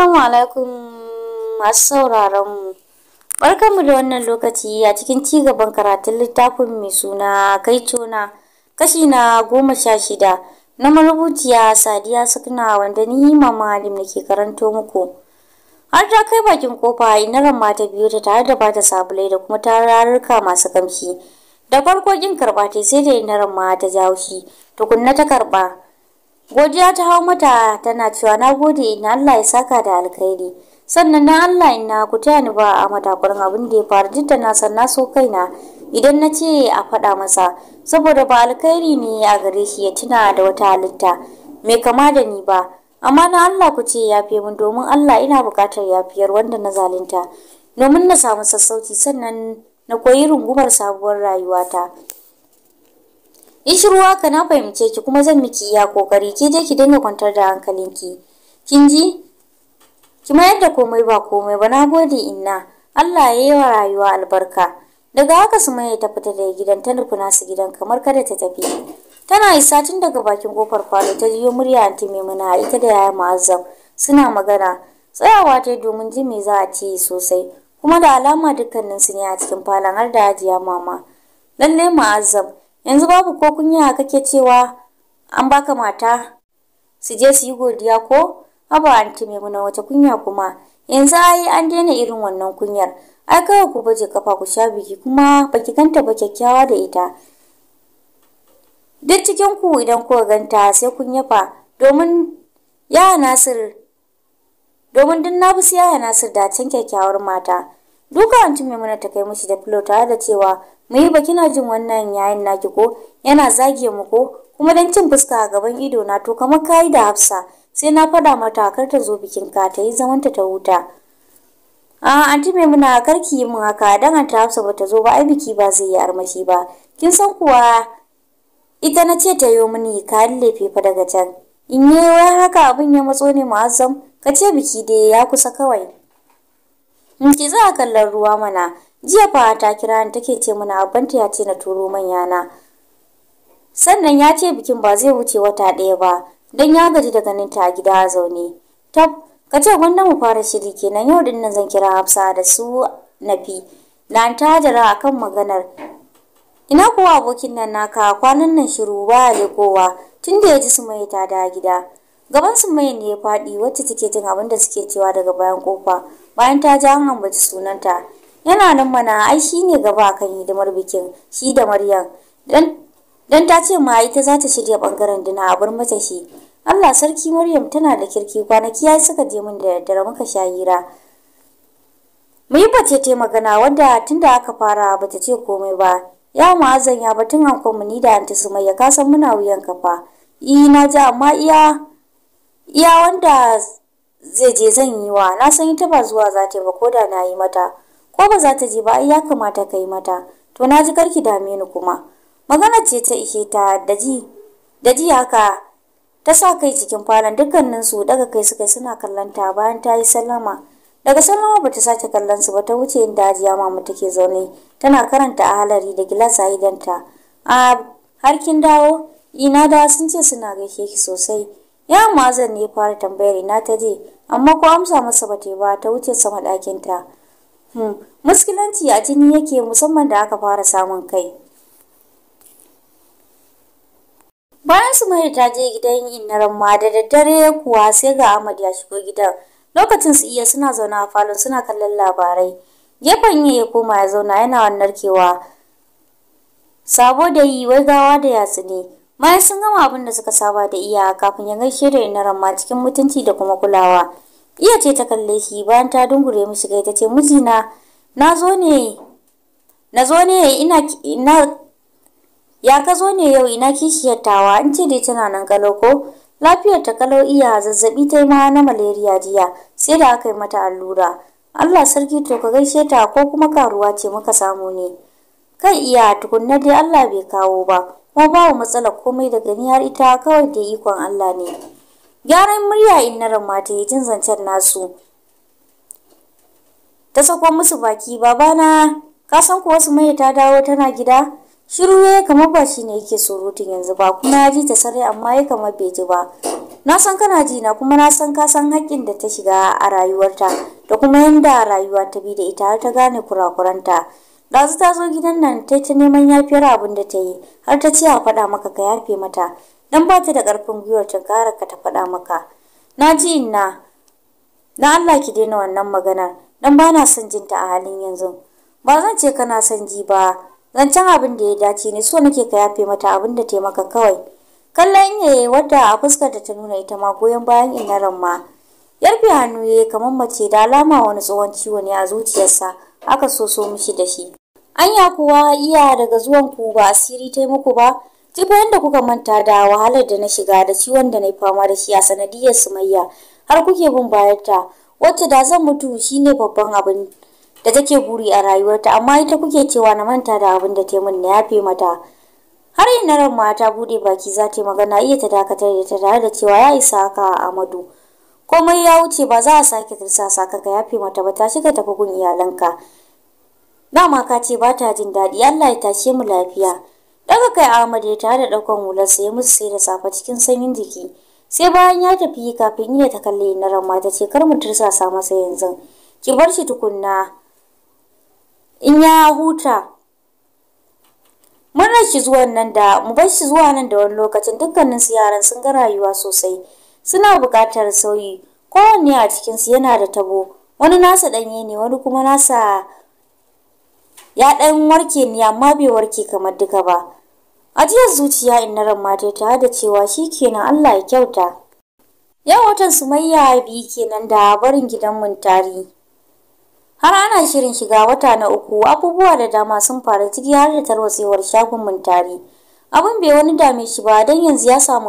Assalamu alaikum masu sauraron mu. Barkanmu da wannan lokaci a cikin ci gaban karatun littafin mai suna kai tona kashi na goma sha shida na marubuciya Sadiya sakina wanda ni Mama da ke karanto muku. Har ta kai bakin kofa inaran mata biyu ta tare da bata sabulai da kuma tararruka masu kamshi. Da farko kin karba ta sai da inaran ma ta jawo tukunna ta karba. Godiya ta hau mata tana cewa na gode ina Allah ya saka da alkhairi. Sannan na Allah ina ku taya ni ba a matakurin abin da ya faru duk na san na so kaina idan na ce a faɗa masa saboda ba alkhairi ne a gare shi ya tuna da wata halitta mai kama da ni ba. Amma na Allah ku ce yafe mun domin Allah ina buƙatar yafiyar wanda na zalunta domin na samu sassauci sannan na koyi rungumar sabuwar rayuwata. yi ruwa ka na fahimce ki kuma zan miki iya kokari ki je ki dinga kwantar da hankalinki kin ji ki mayar da komai ba komai ba na gode inna Allah ya yi wa rayuwa albarka daga haka su mai ta fita daga gidan ta nufi su gidan kamar kada ta tafi tana isa tun daga bakin kofar falo ta jiyo murya anti maimuna ita da yaya ma'azzam suna magana tsayawa ta domin ji me za a ce sosai kuma da alama dukkanin su ne a cikin falon har da ajiya mama lallai ma'azzam yanzu babu ko kunya kake cewa an baka mata su je su yi godiya ko haba anti muna wata kunya kuma yanzu ai an daina irin wannan kunyar ai kawai ku baje kafa ku sha biki kuma baki ganta ba kyakkyawa da ita duk cikin ku idan kuka ganta sai kun yafa domin ya nasir domin duk na bi yaya nasir da can kyakkyawar mata duka anti maimuna ta kai mishi da filo tare da cewa mu yi ba kina jin wannan yayin naki ko yana zage mu ko kuma dan cin fuska a gaban ido na to kamar kayi da hafsa sai na faɗa mata kar ta zo bikin ka ta yi zamanta ta huta a anti maimuna karki yi min haka dan anti hafsa bata zo ba ai biki ba zai yi armashi ba kin san kuwa ita na ce ta yo mini kayan lefe fa daga can in yi wai haka abin ya matso ne mu'azzam ka ce biki dai ya kusa kawai Ki za a kallon ruwa mana. Jiya fa ta kira ni take ce mana abanta ya ce na turo na. Sannan ya ce bikin ba zai wuce wata ɗaya ba, don ya gaji da ganin ta a gida a zaune. Tab, ka ce gwanda mu fara shiri kenan yau din nan zan kira Hafsa da su Nafi. Na ta a akan maganar. Ina kuwa abokin nan naka kwanan nan shiru ba ya kowa tun da ya ji mai ta da gida. Gaban mai ne ya faɗi wacce take jin abin da suke cewa daga bayan kofa. bayan ta ji an ambaci sunanta yana nan mana ai shi ne gaba kan hidimar bikin shi da maryam dan ta ce ma ita za ta shirya bangaren dina a bar mata shi allah sarki maryam tana da kirki kwanaki ya suka je min da daddare muka sha hira mu yi bace te magana wadda tunda aka fara bata ce komai ba ya ma'azan ya batun hankon ni da anti ya kasan muna wuyan kafa i eh, na ji amma iya iya wanda zai je zan yi wa na san ita ba zuwa za ta ba ko da na yi mata ko ba za ta je ba ai ya kamata ka yi mata to na ji karki dame ni kuma magana ce ta ihe ta da ji haka ta sa kai cikin falon dukkanin su daga kai suka suna kallon ta bayan ta yi sallama daga sallama ba ta sake kallon su ba ta wuce inda ajiya mama take zaune tana karanta a halari da gilas a idanta a har kin dawo ina da sun ce suna gaishe ki sosai ya mazan ne fara tambayar ina ta je amma ko amsa masa ba ta ba ta wuce sama ɗakin ta hmm. muskilanci a jini yake musamman da aka fara samun kai bayan su mai ta je gidan inaran ma da daddare kuwa sai ga ahmad ya shigo gidan lokacin su iya suna zauna a falon suna kallon labarai gefen ya koma ya zauna yana narkewa sabo da yi wai gawa da yatsu ne bayan sun gama abin da suka saba da iya kafin ya gaishe da ina ramma cikin mutunci da kuma kulawa iya ce ta kalle shi bayan ta dungure mishi gai ta ce mijina na zo ne na zo ne ina ina ya ka zo ne yau ina kishiyar tawa in ce dai tana nan kalo ko lafiyar ta kalau iya zazzabi ta ma na malaria jiya sai da aka yi mata allura Allah sarki to ka gaishe ta ko kuma karuwa ce muka samu ne kai iya tukunna dai Allah bai kawo ba kuma babu matsala komai daga ni har ita kawai da ikon Allah ne gyaran murya innaran ta ya jin zancen nasu ta sako musu baki babana ka san ko wasu mai ta dawo tana gida shiru ya kamar ba shi ne yake surutun yanzu ba kuma ya ji ta sarai amma ya kamar bai ji ba na san kana ji na kuma na san ka san haƙƙin da ta shiga a rayuwarta da kuma yanda rayuwa ta bi da ita har ta gane kurakuranta dazu ta zo gidan nan ta ta neman yafiyar abin da ta yi har ta ce a faɗa maka ka yafe mata dan ba ta da ƙarfin gwiwar ƙara ka ta faɗa maka na ji inna na Allah ki daina wannan maganar dan ba na son jinta a halin yanzu ba zan ce kana son ji ba zancen abin da ya dace ne so nake ka yafe mata abin da ta yi maka kawai kallon yayi wadda a fuskar da ta nuna ita ma goyon bayan innaran ma yarfe hannu yayi kamar mace da alama wani tsohon ciwo ne a zuciyarsa aka so so mishi da shi Anya kuwa iya daga zuwan ku ba asiri tai muku ba, ji da kuka manta da wahalar da na shiga da ciwon da na yi fama da shi a sanadiyar sumayya har kuke bin bayarta, wacce da zan mutu shine babban abin da take buri a rayuwarta amma ita kuke cewa na manta da abin da ta min na yafe mata. har yin ran mata bude baki za ta magana iya ta dakatar da ta tare da cewa ya isa haka amadu komai ya wuce ba za a sake tursasa ka ka yafe mata ba ta shiga tafi gun iyalanka Dama ka ce ba ta jin daɗi Allah ya tashe mu lafiya. Daga kai Ahmad ya tare da ɗaukan sai ya musu sai da safa cikin sanyin jiki. Sai bayan ya tafi kafin iya ta kalle na ramma ta ce kar mu tursasa masa yanzu. Ki bar shi tukunna. In ya huta. mun rashi zuwa nan da mu bar shi zuwa nan da wani lokacin dukkanin su yaran sun ga rayuwa sosai. Suna buƙatar sauyi. Kowanne a cikinsu yana da tabo. Wani nasa ɗanye ne wani kuma nasa ya ɗan warke ni amma bai warke kamar duka ba ajiyar zuciya inna ran mata ta da cewa shi kenan Allah ya kyauta yau watan sumayya biyu kenan da barin gidan mun tari har ana shirin shiga wata na uku abubuwa da dama sun fara ciki har da tarwatsewar shagon mun tari abin bai wani dame shi ba dan yanzu ya samu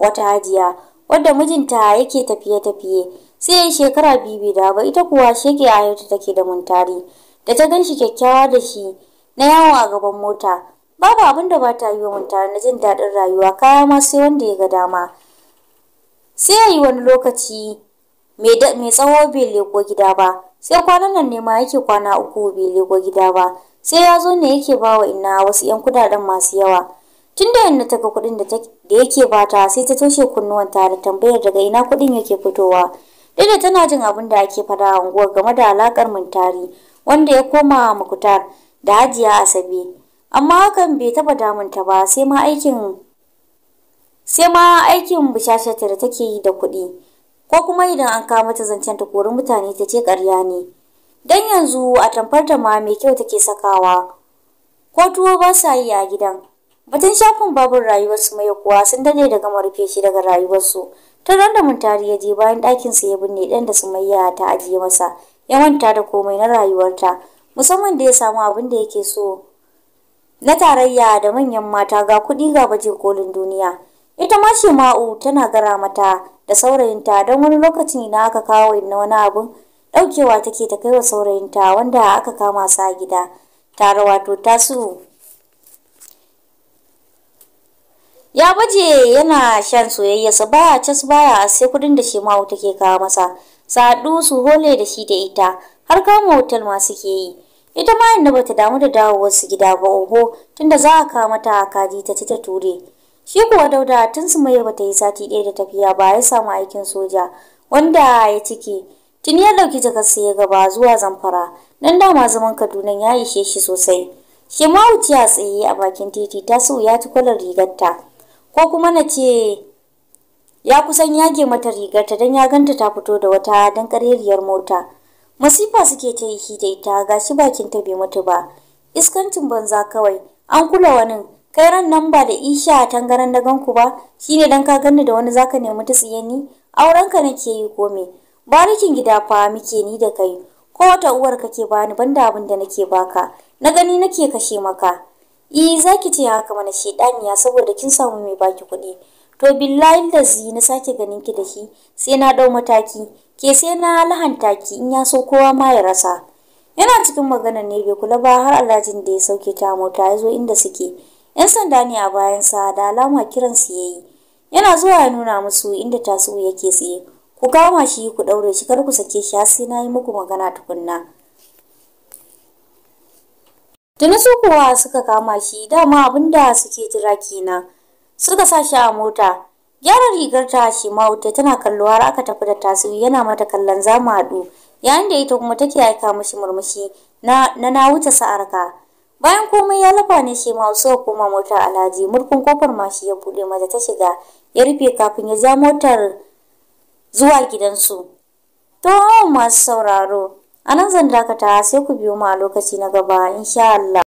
wata hajiya wadda mijinta yake tafiye-tafiye sai shekara bibi da ba ita kuwa shege ayyuta take da tari da ta gan shi kyakkyawa da shi na yawo a gaban mota babu abin da ba ta yi wa tare na jin daɗin rayuwa kaya ma sai wanda ya ga dama sai ya yi wani lokaci mai tsawo bai leko gida ba sai kwanan nan ne ma yake kwana uku bai leko gida ba sai ya zo ne yake bawa wa ina wasu 'yan kudaden masu yawa tun da yanna ta ga kuɗin da yake bata sai ta toshe ta da tambayar daga ina kuɗin yake fitowa duk da tana jin abin da ake fada a unguwar game da alakar mintari wanda ya koma mukutar da hajiya asabe amma hakan bai taba damunta ba sai ma aikin sai ma aikin da take yi da kuɗi ko kuma idan an kama mata zancen ta kori mutane ta ce ƙarya ne dan yanzu a tamfar ma mai kyau take sakawa ko tuwo ba sa yi a gidan batun shafin babin rayuwarsu mai kuwa sun dade da gama rufe shi daga rayuwarsu ta randa muntari ya je bayan ɗakinsa ya binne ɗan da sumayya ta ajiye masa ya manta da komai na rayuwarta musamman da ya samu abin da yake so na tarayya da manyan mata ga kudi ga baje kolin duniya ita ma ce ma'u tana gara mata da saurayinta don wani lokacin na aka kawo na wani abun daukewa take ta kai wa saurayinta wanda aka kama sa gida tare wato tasu ya baje yana shan soyayya sa baya su baya sai kudin da shi ma'u take kawo masa saɗu su hole da shi da ita har kama hotel ma suke yi ita ma inda bata damu da dawowar su gida ba oho tunda za a kawo mata kaji ta ci ta ture shi kuwa dauda tun su mai bata yi sati ɗaya da tafiya ba ya samu aikin soja wanda ya ciki tuni ya ɗauki jakarsa ya gaba zuwa zamfara nan dama zaman kaduna ya ishe shi sosai shi ma wuci a tsaye a bakin titi ta su ya ci kwalar rigarta ko kuma na ce ya kusan yage mata rigarta don ya ganta ta fito da wata dan kareriyar mota masifa suke ta yi da ita gashi bakin ta bai mutu ba iskancin banza kawai an kula wani kai ran nan ba da isha a tangaran da ganku ba shine dan ka ganni da wani zaka nemi ta ni? auren ka nake yi ko me barikin gida fa muke ni da kai ko wata uwar kake bani banda abin da nake baka na gani nake kashe maka i eh, zaki ce haka mana shedaniya saboda kin samu mai baki kuɗi to billahi lazi na sake ganin ki da shi sai na dau mataki ke sai na lahanta ki in ya so kowa ma ya rasa yana cikin magana ne bai kula ba har alhajin da ya sauke ta mota ya zo inda suke yan sanda ne a bayan sa da alama kiran su yayi yana zuwa ya nuna musu inda tasu yake tsaye ku kama shi ku daure shi kar ku sake shi har sai na yi muku magana tukunna tuni su kuwa suka kama shi dama abinda suke jira kenan suka sa shi a mota gyara rigar ta shi wuta tana kallo har aka tafi da tasiri yana mata kallon zamu haɗu yayin da ita kuma take aika mishi murmushi na na wuce sa'arka bayan komai ya lafa ne shi ma so kuma mota alhaji murkun kofar ma shi ya bude mata ta shiga ya rufe kafin ya ja motar zuwa gidansu to masu sauraro anan nan zan dakata sai ku biyo mu a lokaci na gaba insha Allah